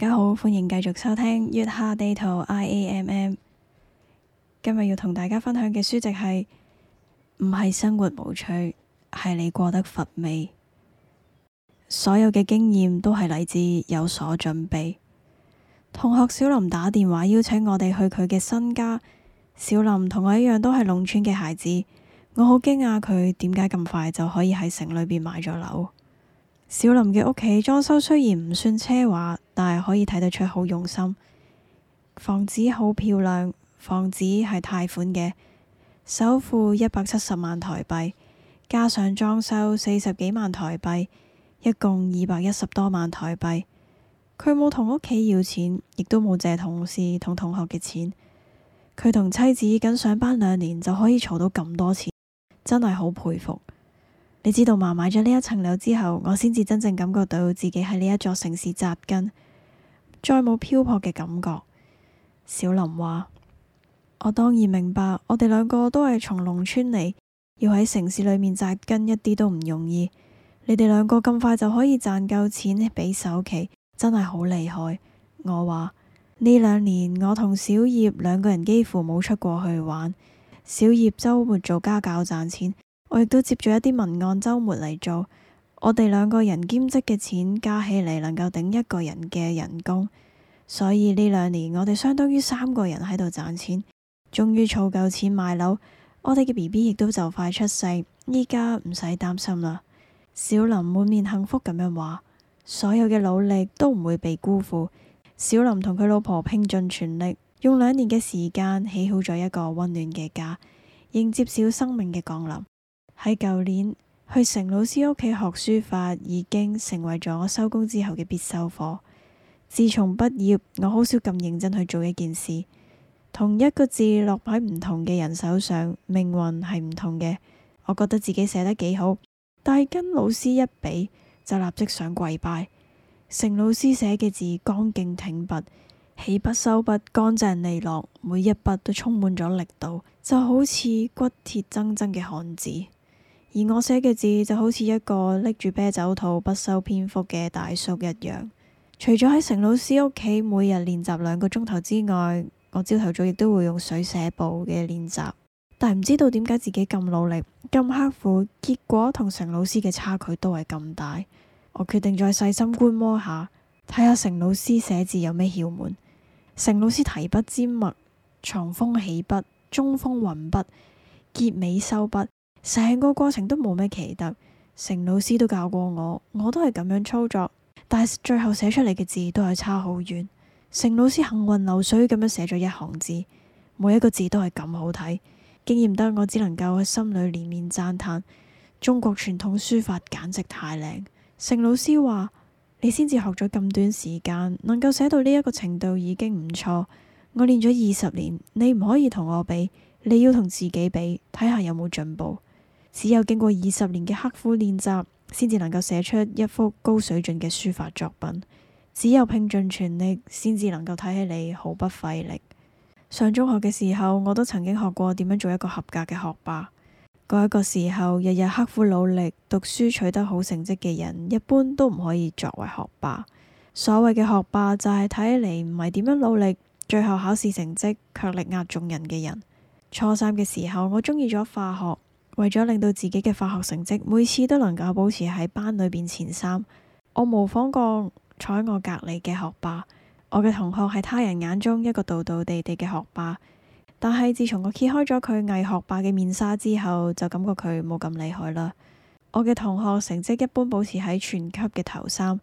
大家好，歡迎繼續收聽《月下地圖 I A M M》。今日要同大家分享嘅書籍係《唔係生活無趣，係你過得乏味》。所有嘅經驗都係嚟自有所準備。同學小林打電話邀請我哋去佢嘅新家。小林同我一樣都係農村嘅孩子，我好驚訝佢點解咁快就可以喺城裏邊買咗樓。小林嘅屋企裝修雖然唔算奢華，但係可以睇得出好用心。房子好漂亮，房子係貸款嘅，首付一百七十萬台幣，加上裝修四十幾萬台幣，一共二百一十多萬台幣。佢冇同屋企要錢，亦都冇借同事同同學嘅錢。佢同妻子僅上班兩年就可以儲到咁多錢，真係好佩服。你知道嘛，買咗呢一層樓之後，我先至真正感覺到自己喺呢一座城市扎根，再冇漂泊嘅感覺。小林話：我當然明白，我哋兩個都係從農村嚟，要喺城市裏面扎根，一啲都唔容易。你哋兩個咁快就可以賺夠錢俾首期，真係好厲害。我話：呢兩年我同小葉兩個人幾乎冇出過去玩，小葉周末做家教賺錢。我亦都接咗一啲文案周末嚟做，我哋兩個人兼職嘅錢加起嚟能夠頂一個人嘅人工，所以呢兩年我哋相當於三個人喺度賺錢，終於儲夠錢買樓。我哋嘅 B B 亦都就快出世，依家唔使擔心啦。小林滿面幸福咁樣話，所有嘅努力都唔會被辜負。小林同佢老婆拼盡全力，用兩年嘅時間起好咗一個溫暖嘅家，迎接小生命嘅降臨。喺舊年去成老師屋企學書法，已經成為咗我收工之後嘅必修課。自從畢業，我好少咁認真去做一件事。同一個字落喺唔同嘅人手上，命運係唔同嘅。我覺得自己寫得幾好，但係跟老師一比就立即想跪拜。成老師寫嘅字剛勁挺拔，起筆收筆乾淨利落，每一筆都充滿咗力度，就好似骨鐵錚錚嘅漢子。而我寫嘅字就好似一個拎住啤酒肚、不修邊幅嘅大叔一樣。除咗喺成老師屋企每日練習兩個鐘頭之外，我朝頭早亦都會用水寫簿嘅練習。但唔知道點解自己咁努力、咁刻苦，結果同成老師嘅差距都係咁大。我決定再細心觀摩下，睇下成老師寫字有咩竅門？成老師提筆尖墨，藏鋒起筆，中鋒運筆，結尾收筆。成個過程都冇咩奇特，成老師都教過我，我都係咁樣操作，但係最後寫出嚟嘅字都係差好遠。成老師行雲流水咁樣寫咗一行字，每一個字都係咁好睇，經驗得我只能夠喺心裏連連讚嘆，中國傳統書法簡直太靚。成老師話：你先至學咗咁短時間，能夠寫到呢一個程度已經唔錯。我練咗二十年，你唔可以同我比，你要同自己比，睇下有冇進步。只有經過二十年嘅刻苦練習，先至能夠寫出一幅高水準嘅書法作品。只有拼盡全力，先至能夠睇起嚟，毫不費力。上中學嘅時候，我都曾經學過點樣做一個合格嘅學霸。嗰一個時候，日日刻苦努力讀書取得好成績嘅人，一般都唔可以作為學霸。所謂嘅學霸就係睇起嚟唔係點樣努力，最後考試成績卻力壓眾人嘅人。初三嘅時候，我中意咗化學。為咗令到自己嘅化學成績每次都能夠保持喺班裏邊前三，我模仿過坐喺我隔籬嘅學霸。我嘅同學係他人眼中一個道道地地嘅學霸，但係自從我揭開咗佢偽學霸嘅面紗之後，就感覺佢冇咁厲害啦。我嘅同學成績一般，保持喺全級嘅頭三。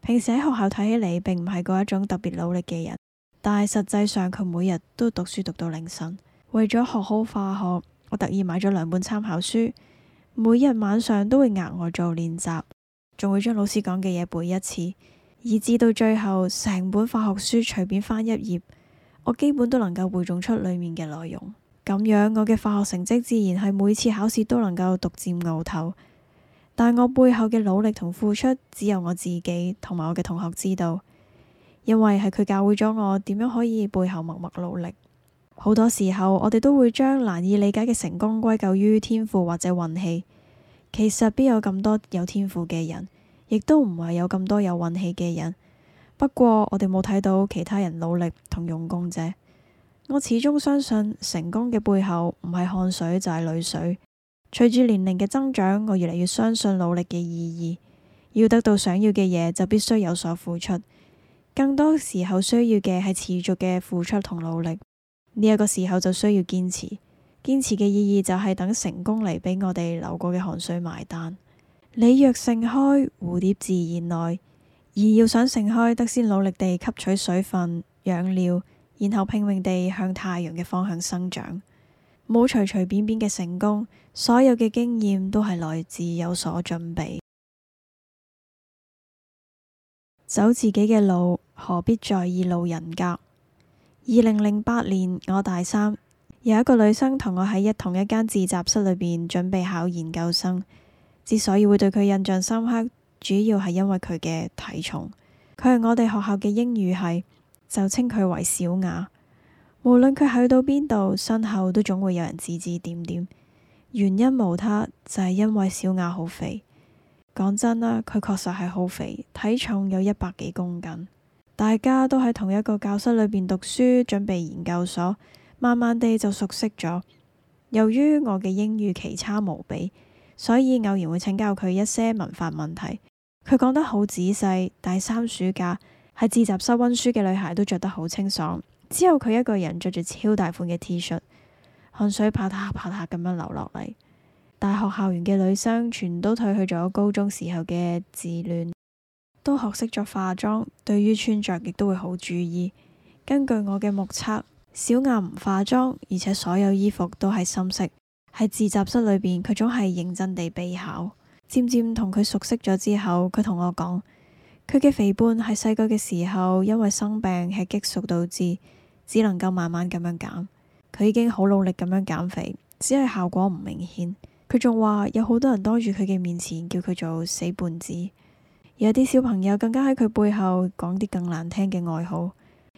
平時喺學校睇起嚟，並唔係嗰一種特別努力嘅人，但係實際上佢每日都讀書讀到凌晨，為咗學好化學。我特意買咗兩本參考書，每日晚上都會額外做練習，仲會將老師講嘅嘢背一次，以至到最後成本化學書隨便翻一頁，我基本都能夠背誦出裏面嘅內容。咁樣我嘅化學成績自然係每次考試都能夠獨佔鰲頭，但我背後嘅努力同付出只有我自己同埋我嘅同學知道，因為係佢教會咗我點樣可以背後默默努力。好多時候，我哋都會將難以理解嘅成功歸咎於天賦或者運氣。其實邊有咁多有天賦嘅人，亦都唔係有咁多有運氣嘅人。不過我哋冇睇到其他人努力同用功者。我始終相信成功嘅背後唔係汗水就係淚水。隨住年齡嘅增長，我越嚟越相信努力嘅意義。要得到想要嘅嘢，就必須有所付出。更多時候需要嘅係持續嘅付出同努力。呢一個時候就需要堅持，堅持嘅意義就係等成功嚟畀我哋流過嘅汗水埋單。你若盛開，蝴蝶自然來；而要想盛開，得先努力地吸取水分、養料，然後拼命地向太陽嘅方向生長。冇隨隨便便嘅成功，所有嘅經驗都係來自有所準備。走自己嘅路，何必在意路人甲？二零零八年，我大三，有一個女生同我喺一同一間自習室裏邊準備考研究生。之所以會對佢印象深刻，主要係因為佢嘅體重。佢係我哋學校嘅英語系，就稱佢為小雅。無論佢去到邊度，身後都總會有人指指點點。原因無他，就係因為小雅好肥。講真啦，佢確實係好肥，體重有一百幾公斤。大家都喺同一個教室裏邊讀書，準備研究所，慢慢地就熟悉咗。由於我嘅英語奇差無比，所以偶然會請教佢一些文法問題，佢講得好仔細。大三暑假，喺自習室溫書嘅女孩都着得好清爽，只有佢一個人着住超大款嘅 T 恤，汗水啪嗒啪嗒咁樣流落嚟。大學校園嘅女生全都褪去咗高中時候嘅稚嫩。都學識咗化妝，對於穿着亦都會好注意。根據我嘅目測，小雅唔化妝，而且所有衣服都係深色。喺自習室裏邊，佢總係認真地備考。漸漸同佢熟悉咗之後，佢同我講，佢嘅肥胖係細個嘅時候因為生病吃激素導致，只能夠慢慢咁樣減。佢已經好努力咁樣減肥，只係效果唔明顯。佢仲話有好多人當住佢嘅面前叫佢做死胖子。有啲小朋友更加喺佢背後講啲更難聽嘅外號，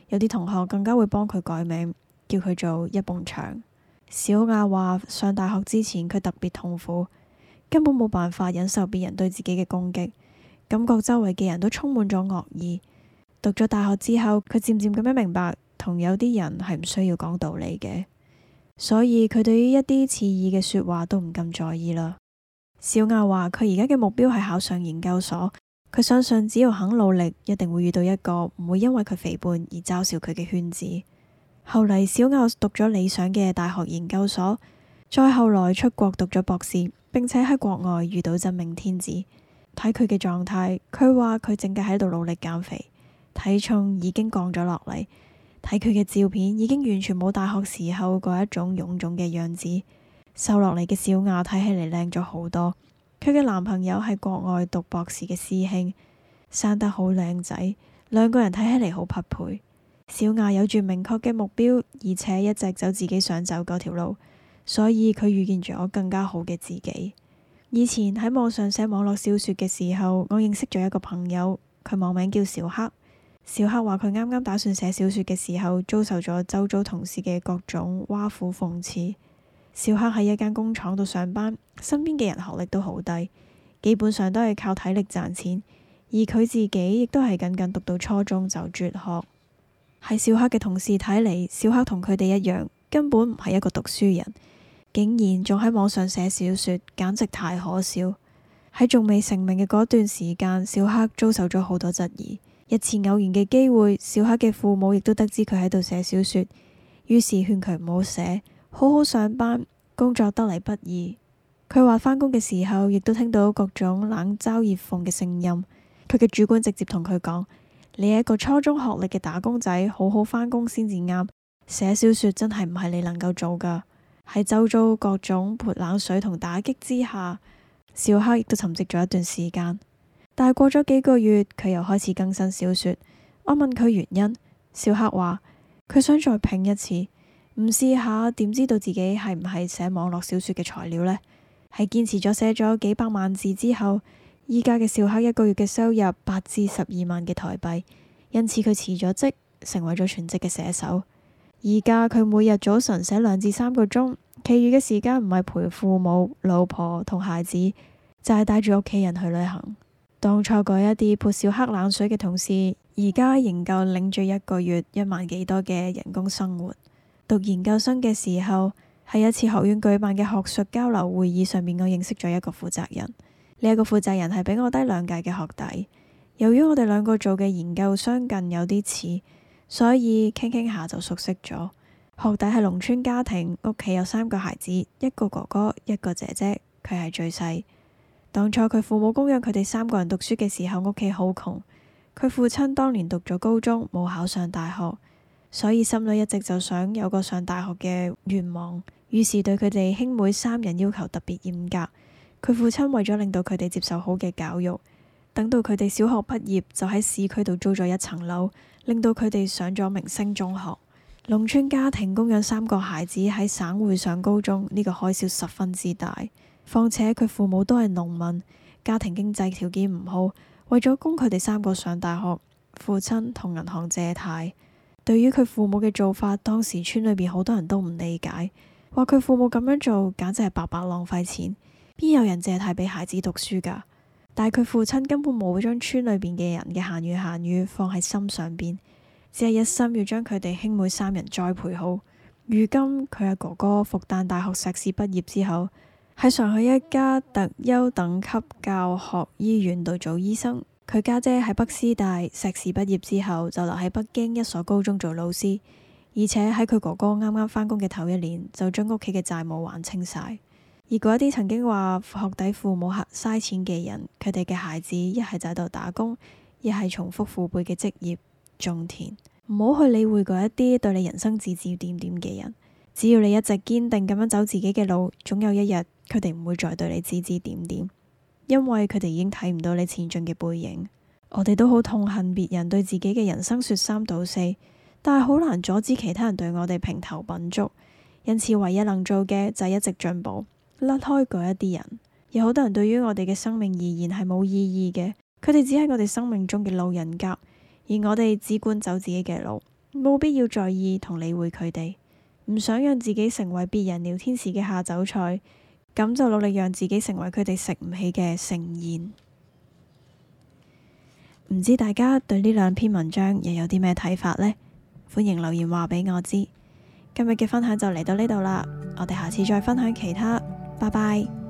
有啲同學更加會幫佢改名，叫佢做一埲牆。小亞話：上大學之前，佢特別痛苦，根本冇辦法忍受別人對自己嘅攻擊，感覺周圍嘅人都充滿咗惡意。讀咗大學之後，佢漸漸咁樣明白，同有啲人係唔需要講道理嘅，所以佢對於一啲刺耳嘅說話都唔咁在意啦。小亞話：佢而家嘅目標係考上研究所。佢相信只要肯努力，一定會遇到一個唔會因為佢肥胖而嘲笑佢嘅圈子。後嚟小雅讀咗理想嘅大學研究所，再後來出國讀咗博士，並且喺國外遇到真命天子。睇佢嘅狀態，佢話佢正計喺度努力減肥，體重已經降咗落嚟。睇佢嘅照片，已經完全冇大學時候嗰一種臃腫嘅樣子，瘦落嚟嘅小雅睇起嚟靚咗好多。佢嘅男朋友係國外讀博士嘅師兄，生得好靚仔，兩個人睇起嚟好匹配。小雅有住明確嘅目標，而且一直走自己想走嗰條路，所以佢遇見咗更加好嘅自己。以前喺網上寫網絡小說嘅時候，我認識咗一個朋友，佢網名叫小黑。小黑話佢啱啱打算寫小說嘅時候，遭受咗周遭同事嘅各種挖苦諷刺。小黑喺一間工廠度上班，身邊嘅人學歷都好低，基本上都係靠體力賺錢，而佢自己亦都係僅僅讀到初中就輟學。喺小黑嘅同事睇嚟，小黑同佢哋一樣，根本唔係一個讀書人，竟然仲喺網上寫小說，簡直太可笑。喺仲未成名嘅嗰段時間，小黑遭受咗好多質疑。一次偶然嘅機會，小黑嘅父母亦都得知佢喺度寫小說，於是勸佢唔好寫。好好上班，工作得嚟不易。佢話翻工嘅時候，亦都聽到各種冷嘲熱諷嘅聲音。佢嘅主管直接同佢講：你係一個初中學歷嘅打工仔，好好翻工先至啱。寫小說真係唔係你能夠做噶。喺周遭各種潑冷水同打擊之下，小黑亦都沉寂咗一段時間。但係過咗幾個月，佢又開始更新小說。我問佢原因，小黑話佢想再拼一次。唔試下點知道自己係唔係寫網絡小說嘅材料呢？係堅持咗寫咗幾百萬字之後，依家嘅小黑一個月嘅收入八至十二萬嘅台幣，因此佢辭咗職，成為咗全職嘅寫手。而家佢每日早晨寫兩至三個鐘，其餘嘅時間唔係陪父母、老婆同孩子，就係帶住屋企人去旅行。當初一啲潑小黑冷水嘅同事，而家仍夠領住一個月一萬幾多嘅人工生活。讀研究生嘅時候，喺一次學院舉辦嘅學術交流會議上面，我認識咗一個負責人。呢一個負責人係比我低兩屆嘅學弟。由於我哋兩個做嘅研究相近有啲似，所以傾傾下就熟悉咗。學弟係農村家庭，屋企有三個孩子，一個哥哥，一個姐姐，佢係最細。當初佢父母供養佢哋三個人讀書嘅時候，屋企好窮。佢父親當年讀咗高中，冇考上大學。所以心裏一直就想有個上大學嘅願望，於是對佢哋兄妹三人要求特別嚴格。佢父親為咗令到佢哋接受好嘅教育，等到佢哋小學畢業就喺市區度租咗一層樓，令到佢哋上咗明星中學。農村家庭供養三個孩子喺省會上高中，呢個開銷十分之大。況且佢父母都係農民，家庭經濟條件唔好，為咗供佢哋三個上大學，父親同銀行借貸。對於佢父母嘅做法，當時村裏邊好多人都唔理解，話佢父母咁樣做，簡直係白白浪費錢，邊有人借貸俾孩子讀書噶？但係佢父親根本冇將村裏邊嘅人嘅閑言閑語放喺心上邊，只係一心要將佢哋兄妹三人栽培好。如今佢阿哥哥復旦大學碩士畢業之後，喺上海一家特優等級教學醫院度做醫生。佢家姐喺北師大碩士畢業之後就留喺北京一所高中做老師，而且喺佢哥哥啱啱返工嘅頭一年就將屋企嘅債務還清晒。而嗰啲曾經話學底父母嘥錢嘅人，佢哋嘅孩子一係就喺度打工，一係重複父輩嘅職業種田。唔好去理會嗰一啲對你人生指指點點嘅人，只要你一直堅定咁樣走自己嘅路，總有一日佢哋唔會再對你指指點點。因為佢哋已經睇唔到你前進嘅背影，我哋都好痛恨別人對自己嘅人生說三道四，但係好難阻止其他人對我哋評頭品足。因此，唯一能做嘅就係一直進步，甩開嗰一啲人。有好多人對於我哋嘅生命而言係冇意義嘅，佢哋只係我哋生命中嘅路人甲，而我哋只管走自己嘅路，冇必要在意同理會佢哋，唔想讓自己成為別人聊天時嘅下酒菜。咁就努力讓自己成為佢哋食唔起嘅盛宴。唔知大家對呢兩篇文章又有啲咩睇法呢？歡迎留言話畀我知。今日嘅分享就嚟到呢度啦，我哋下次再分享其他。拜拜。